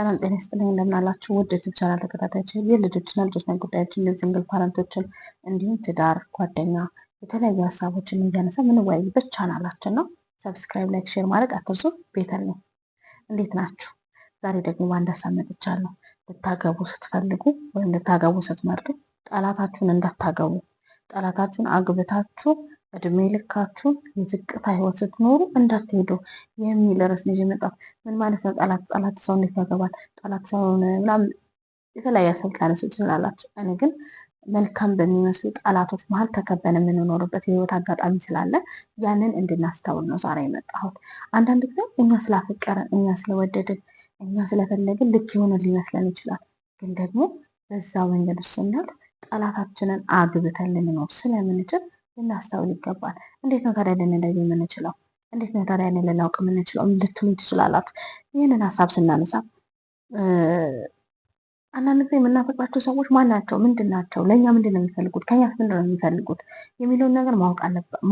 ሰላም ጤና ይስጥልኝ። እንደምናላችሁ ውድ የትቻላ ተከታታዮች የልጆችና ልጆችን ጉዳዮችን እንዲሁም ሲንግል ፓረንቶችን እንዲሁም ትዳር፣ ጓደኛ፣ የተለያዩ ሀሳቦችን እያነሳ ብቻ ናላችን ነው። ሰብስክራይብ፣ ላይክ፣ ሼር ማድረግ አትርሱ። ቤተል ነው። እንዴት ናችሁ? ዛሬ ደግሞ በአንድ ሀሳብ መጥቻለሁ። ልታገቡ ስትፈልጉ ወይም ልታገቡ ስትመርጡ ጠላታችሁን እንዳታገቡ ጠላታችሁን አግብታችሁ እድሜ ልካችሁ የዝቅታ ህይወት ስትኖሩ እንዳትሄዱ የሚል ርዕስ ነው የመጣው። ምን ማለት ነው? ጠላት ጠላት ሰው እንዴት ያገባል? ጠላት ሰውን ምናምን የተለያየ ሰብ ታነሱ ትችላላችሁ። እኔ ግን መልካም በሚመስሉ ጠላቶች መሀል ተከበን የምንኖርበት የህይወት አጋጣሚ ስላለ ያንን እንድናስተውል ነው ዛሬ የመጣሁት። አንዳንድ ጊዜ እኛ ስላፈቀረን፣ እኛ ስለወደድን፣ እኛ ስለፈለግን ልክ የሆነ ሊመስለን ይችላል። ግን ደግሞ በዛ መንገድ ስናል ጠላታችንን አግብተን ልንኖር ስለምንችል ልናስተውል ይገባል። እንዴት ነው ታዲያ ልንለይ የምንችለው? እንዴት ነው ታዲያ ልናውቅ የምንችለው ልትሉ ትችላላችሁ። ይህንን ሀሳብ ስናነሳ አንዳንድ ጊዜ የምናፈቅራቸው ሰዎች ማን ናቸው? ምንድን ናቸው? ለእኛ ምንድን ነው የሚፈልጉት? ከኛ ምንድን ነው የሚፈልጉት የሚለውን ነገር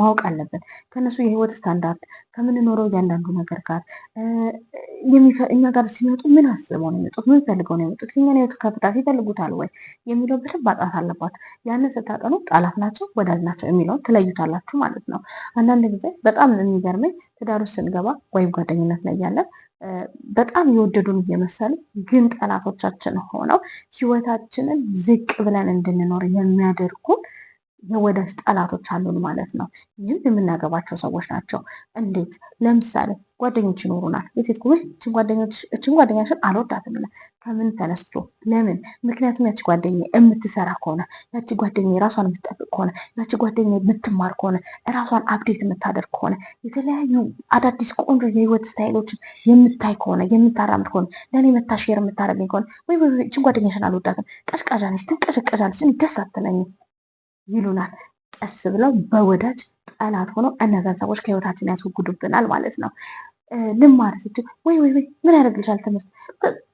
ማወቅ አለብን። ከእነሱ የህይወት ስታንዳርድ ከምንኖረው እያንዳንዱ ነገር ጋር እኛ ጋር ሲመጡ ምን አስበው ነው የመጡት? ምን ፈልገው ነው የመጡት? የእኛን ህይወት ከፍታ ሲፈልጉታል ወይ የሚለው በደንብ ማጥናት አለባት። ያንን ስታጠኑ ጠላት ናቸው ወዳጅ ናቸው የሚለውን ትለዩታላችሁ ማለት ነው። አንዳንድ ጊዜ በጣም የሚገርመኝ ትዳሩ ስንገባ ወይም ጓደኝነት ላይ ያለን በጣም የወደዱን እየመሰሉ ግን ጠላቶቻችን ሆነው ህይወታችንን ዝቅ ብለን እንድንኖር የሚያደርጉን የወዳጅ ጠላቶች አሉን ማለት ነው። ይህም የምናገባቸው ሰዎች ናቸው። እንዴት? ለምሳሌ ጓደኞች ይኖሩናል። የሴት ጉ እችን ጓደኛችን አልወዳትም ብለን ከምን ተነስቶ ለምን? ምክንያቱም ያቺ ጓደኛ የምትሰራ ከሆነ ያቺ ጓደኛ ራሷን የምትጠብቅ ከሆነ ያቺ ጓደኛ የምትማር ከሆነ ራሷን አብዴት የምታደርግ ከሆነ የተለያዩ አዳዲስ ቆንጆ የህይወት ስታይሎችን የምታይ ከሆነ የምታራምድ ከሆነ ለእኔ መታሽር የምታደርገኝ ከሆነ ወይ እችን ጓደኛሽን አልወዳትም ቀሽቃዣ ነች፣ ትንቀሸቀዣ ነች፣ ደስ አትለኝም ይሉናል። ቀስ ብለው በወዳጅ ጠላት ሆነው እነዛን ሰዎች ከህይወታችን ያስወግዱብናል ማለት ነው። ልማር ስ ወይ ወይ ወይ ምን ያደርግልሻል ትምህርት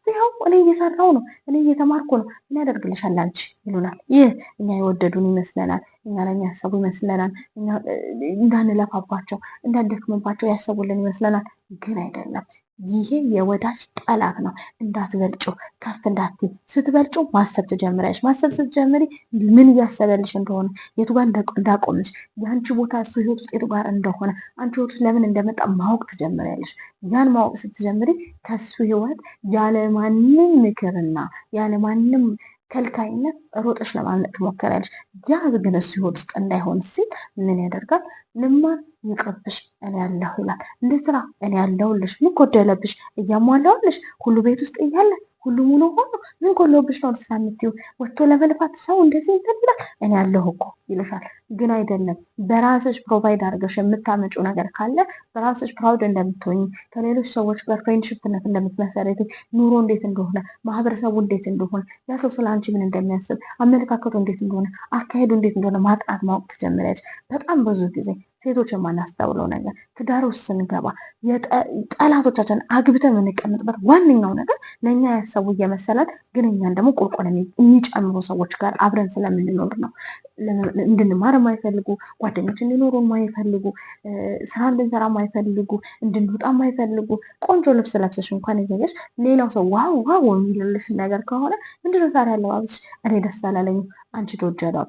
ይኸው እኔ እየሰራው ነው እኔ እየተማርኩ ነው ምን ያደርግልሻል አንቺ ይሉናል። ይህ እኛ የወደዱን ይመስለናል፣ እኛ ላይ የሚያሰቡ ይመስለናል፣ እንዳንለፋባቸው እንዳንደክምባቸው ያሰቡልን ይመስለናል። ግን አይደለም። ይሄ የወዳጅ ጠላት ነው። እንዳትበልጩ ከፍ እንዳት ስትበልጩ ማሰብ ትጀምሪያለሽ። ማሰብ ስትጀምሪ ምን እያሰበልሽ እንደሆነ የቱ ጋር እንዳቆምሽ የአንቺ ቦታ እሱ ህይወት ውስጥ የቱ ጋር እንደሆነ አንቺ ህይወት ውስጥ ለምን እንደመጣ ማወቅ ትጀምሪያለሽ። ያን ማወቅ ስትጀምሪ ከሱ ህይወት ያለማንም ምክርና ያለማንም ከልካይነት ሮጠሽ ለማምለጥ ትሞክሪያለሽ። ያ ግን እሱ ህይወት ውስጥ እንዳይሆን ሲል ምን ያደርጋል? ልማን ይቅርብሽ፣ እኔ ያለሁ ይላል። እንደ ስራ እኔ ያለሁልሽ፣ ምን ጎደለብሽ? እያሟላሁልሽ ሁሉ ቤት ውስጥ እያለ ሁሉ ሙሉ ሆኖ ምን ጎሎብሽ ነው ስራ ወጥቶ ለመልፋት ሰው እንደዚህ እንትን እኔ ያለሁ እኮ ይልሻል። ግን አይደለም። በራስሽ ፕሮቫይድ አድርገሽ የምታመጩ ነገር ካለ በራስሽ ፕራውድ እንደምትሆኝ፣ ከሌሎች ሰዎች ጋር ፍሬንድሽፕነት እንደምትመሰረት፣ ኑሮ እንዴት እንደሆነ፣ ማህበረሰቡ እንዴት እንደሆነ፣ ያ ሰው ስለ አንቺ ምን እንደሚያስብ፣ አመለካከቱ እንዴት እንደሆነ፣ አካሄዱ እንዴት እንደሆነ ማጥናት ማወቅ ትጀምሪያለሽ። በጣም ብዙ ጊዜ ሴቶች የማናስተውለው ነገር ትዳር ውስጥ ስንገባ ጠላቶቻችን አግብተ የምንቀምጥበት ዋነኛው ነገር ለእኛ ሰው እየመሰላት ግን እኛን ደግሞ ቁልቁል የሚጨምሩ ሰዎች ጋር አብረን ስለምንኖር ነው። እንድንማር ማይፈልጉ ጓደኞች እንዲኖሩ ማይፈልጉ ስራ እንድንሰራ ማይፈልጉ እንድንወጣ ማይፈልጉ ቆንጆ ልብስ ለብሰሽ እንኳን እያየሽ ሌላው ሰው ዋው ዋው የሚልልሽ ነገር ከሆነ ምንድነው ዛሬ አለባበስሽ እኔ ደስ አላለኝም አንቺ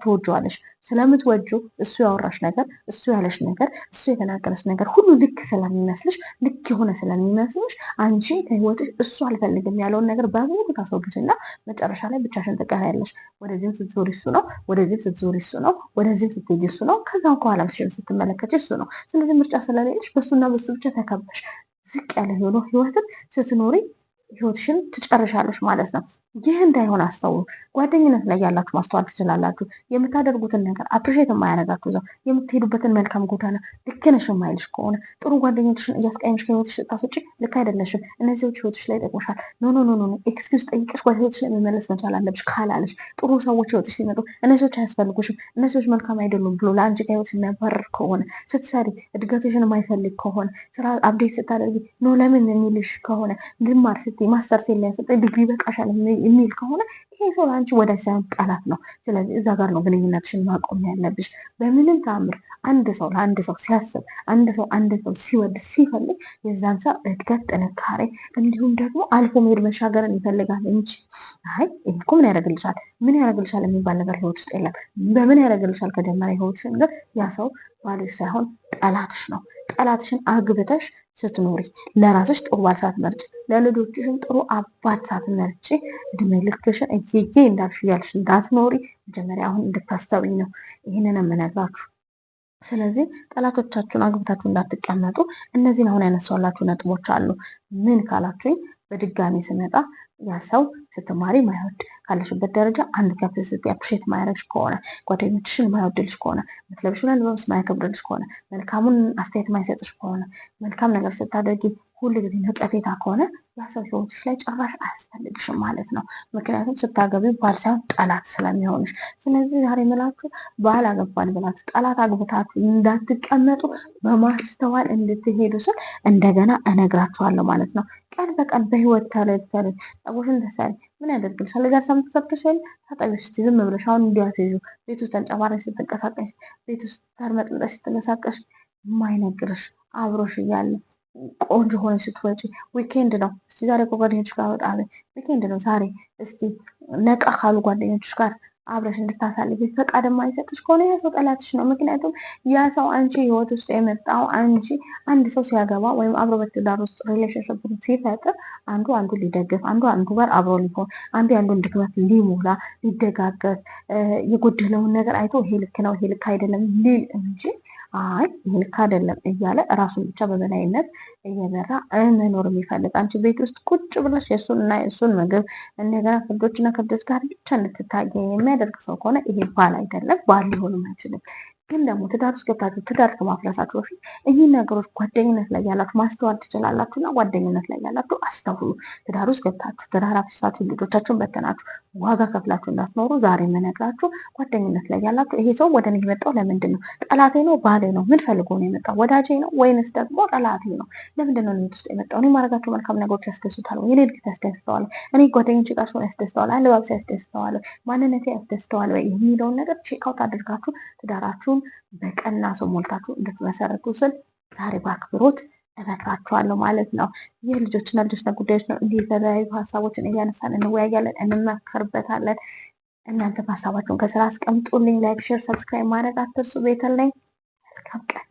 ትወጂዋለሽ። ስለምትወጁ እሱ ያወራሽ ነገር፣ እሱ ያለሽ ነገር፣ እሱ የተናገረሽ ነገር ሁሉ ልክ ስለሚመስልሽ፣ ልክ የሆነ ስለሚመስልሽ አንቺ ከህይወትሽ እሱ አልፈልግም ያለውን ነገር በሙሉ ታስወግጅ እና መጨረሻ ላይ ብቻሽን ትቀሪያለሽ። ወደዚህም ስትዞሪ እሱ ነው፣ ወደዚህም ስትዞሪ እሱ ነው፣ ወደዚህም ስትሄጂ እሱ ነው፣ ከዛም ከኋላሽም ስትመለከች እሱ ነው። ስለዚህ ምርጫ ስለሌለሽ በሱና በሱ ብቻ ተከበሽ ዝቅ ያለ የሆነ ህይወትን ስትኖሪ ህይወትሽን ትጨርሻለች ማለት ነው። ይህ እንዳይሆን አስተውሉ። ጓደኝነት ላይ ያላችሁ ማስተዋል ትችላላችሁ። የምታደርጉትን ነገር አፕሪሼት የማያደርጋችሁ እዛው የምትሄዱበትን መልካም ጎዳና ልክ ነሽ የማይልሽ ከሆነ ጥሩ ጓደኞችሽን እያስቀየምሽ ከህይወትሽ ስታስወጪ ልክ አይደለሽም፣ እነዚዎች ህይወትሽ ላይ ይጠቅሙሻል። ኖ ኖ ኖ፣ ኤክስኪውዝ ጠይቀሽ ወደ ህይወትሽ ላይ መመለስ መቻል አለብሽ። ካላለሽ ጥሩ ሰዎች ህይወትሽ ሲመጡ እነዚዎች አያስፈልጉሽም፣ እነዚዎች መልካም አይደሉም ብሎ ለአንቺ ከህይወትሽ የሚያባርር ከሆነ ስትሰሪ እድገትሽን የማይፈልግ ከሆነ ስራ አብዴት ስታደርጊ ኖ ለምን የሚልሽ ከሆነ ልማር ዩኒቨርሲቲ ማስተርስ የሚያሰጠኝ ዲግሪ በቃሻል የሚል ከሆነ ይሄ ሰው ለአንቺ ወዳጅ ሳይሆን ጠላት ነው። ስለዚህ እዛ ጋር ነው ግንኙነትሽን ማቆም ያለብሽ። በምንም ታምር አንድ ሰው ለአንድ ሰው ሲያስብ፣ አንድ ሰው አንድ ሰው ሲወድ ሲፈልግ የዛን ሰው እድገት፣ ጥንካሬ እንዲሁም ደግሞ አልፎ መሄድ መሻገርን ይፈልጋል እንጂ አይ ይሄ እኮ ምን ያደርግልሻል ምን ያደርግልሻል የሚባል ነገር ህይወት ውስጥ የለም። በምን ያደርግልሻል ከጀመረ ህይወትሽን ግን ያ ሰው ባልሽ ሳይሆን ጠላትሽ ነው። ጠላትሽን አግብተሽ ስትኖሪ ለራስሽ ጥሩ ባል ሳትመርጭ ለልጆችሽን ጥሩ አባት ሳትመርጭ እድሜ ልክሽን እየዬ እንዳልሽ እያልሽ እንዳትኖሪ መጀመሪያ አሁን እንድታስተውኝ ነው ይህንን የምነግራችሁ። ስለዚህ ጠላቶቻችሁን አግብታችሁ እንዳትቀመጡ እነዚህን አሁን ያነሳላችሁ ነጥቦች አሉ። ምን ካላችሁኝ በድጋሚ ስመጣ ያ ሰው ስትማሪ ማይወድ ካለሽበት ደረጃ አንድ ከፍ ስትይ አፕሪሼት ማያደርግሽ ከሆነ ጓደኞችሽን ማይወድልሽ ከሆነ ምትለብሽውን ልብስ ማያከብርልሽ ከሆነ መልካሙን አስተያየት ማይሰጥሽ ከሆነ መልካም ነገር ስታደርጊ ሁሉ ጊዜ ነቀፌታ ከሆነ ያ ሰው ህይወትሽ ላይ ጭራሽ አያስፈልግሽም ማለት ነው። ምክንያቱም ስታገቢ ባል ሳይሆን ጠላት ስለሚሆንሽ። ስለዚህ ዛሬ ምላችሁ ባል አገባን ብላችሁ ጠላት አግብታችሁ እንዳትቀመጡ በማስተዋል እንድትሄዱ ስል እንደገና እነግራችኋለሁ ማለት ነው። ቀን በቀን በህይወት ተለት ተለት ጸጉርሽን ተሰሪ ምን ያደርግልሽ? ሰሌዳ ሳምትሰብተሽ ወይ ታጠቢዎች እስቲ ዝም ብለሽ አሁን እንዲያትዩ ቤት ውስጥ ተንጨባረሽ ስትንቀሳቀሽ ቤት ውስጥ ተርመጥምጠሽ ስትንቀሳቀሽ የማይነግርሽ አብሮሽ እያለ ቆንጆ ሆነ ስትወጪ ዊኬንድ ነው። እስቲ ዛሬ ከጓደኞች ጋር ወጣለን፣ ዊኬንድ ነው ዛሬ። እስቲ ነቃ ካሉ ጓደኞች ጋር አብረሽ እንድታሳልፊ ፈቃድ የማይሰጥሽ ከሆነ ያ ሰው ጠላትሽ ነው። ምክንያቱም ያ ሰው አንቺ ህይወት ውስጥ የመጣው አንቺ አንድ ሰው ሲያገባ ወይም አብሮ በትዳር ውስጥ ሪሌሽንሽፕ ሲፈጥር አንዱ አንዱ ሊደግፍ፣ አንዱ አንዱ ጋር አብሮ ሊሆን፣ አንዱ አንዱን ድክመት ሊሞላ፣ ሊደጋገፍ የጎደለውን ነገር አይቶ ይሄ ልክ ነው፣ ይሄ ልክ አይደለም ሊል እንጂ አይ ይህ ልክ አይደለም እያለ እራሱን ብቻ በበላይነት እየመራ መኖር የሚፈልግ አንቺ ቤት ውስጥ ቁጭ ብለሽ የእሱን እና የእሱን ምግብ እንደገና ከብዶችና ከብዶች ጋር ብቻ እንድትታየ የሚያደርግ ሰው ከሆነ ይሄ ባል አይደለም፣ ባል ሊሆንም አይችልም። ግን ደግሞ ትዳር ውስጥ ገብታችሁ ትዳር ከማፍረሳችሁ በፊት እኚህ ነገሮች ጓደኝነት ላይ ያላችሁ ማስተዋል ትችላላችሁ እና ጓደኝነት ላይ ያላችሁ አስተውሉ። ትዳር ውስጥ ገብታችሁ ትዳር አፍርሳችሁ ልጆቻችሁን በተናችሁ ዋጋ ከፍላችሁ እንዳትኖሩ ዛሬ የምነግራችሁ ጓደኝነት ላይ ያላችሁ ይሄ ሰው ወደ እኔ የመጣው ለምንድን ነው? ጠላቴ ነው፣ ባሌ ነው፣ ምን ፈልጎ ነው የመጣው? ወዳጄ ነው ወይንስ ደግሞ ጠላቴ ነው? ለምንድን ነው እኔ ውስጥ የመጣው? እኔ ማድረጋቸው መልካም ነገሮች ወይ? የኔ እድገት ያስደስተዋል፣ እኔ ጓደኞቼ ጋር ሲሆን ያስደስተዋል፣ አለባበሴ ያስደስተዋል፣ ማንነቴ ያስደስተዋል ወይ የሚለውን ነገር ቼክ አውት አድርጋችሁ ትዳራችሁ ቤታችሁን በቀና ሰው ሞልታችሁ እንድትመሰረቱ ስል ዛሬ በአክብሮት እመክራችኋለሁ ማለት ነው። ይህ ልጆችና ልጆች ጉዳዮች ነው። እንዲህ የተለያዩ ሀሳቦችን እያነሳን እንወያያለን፣ እንመከርበታለን። እናንተም ሀሳባችሁን ከስራ አስቀምጡልኝ። ላይክ፣ ሼር፣ ሰብስክራይብ ማድረግ አትርሱ። ቤተለኝ መልካም ቀን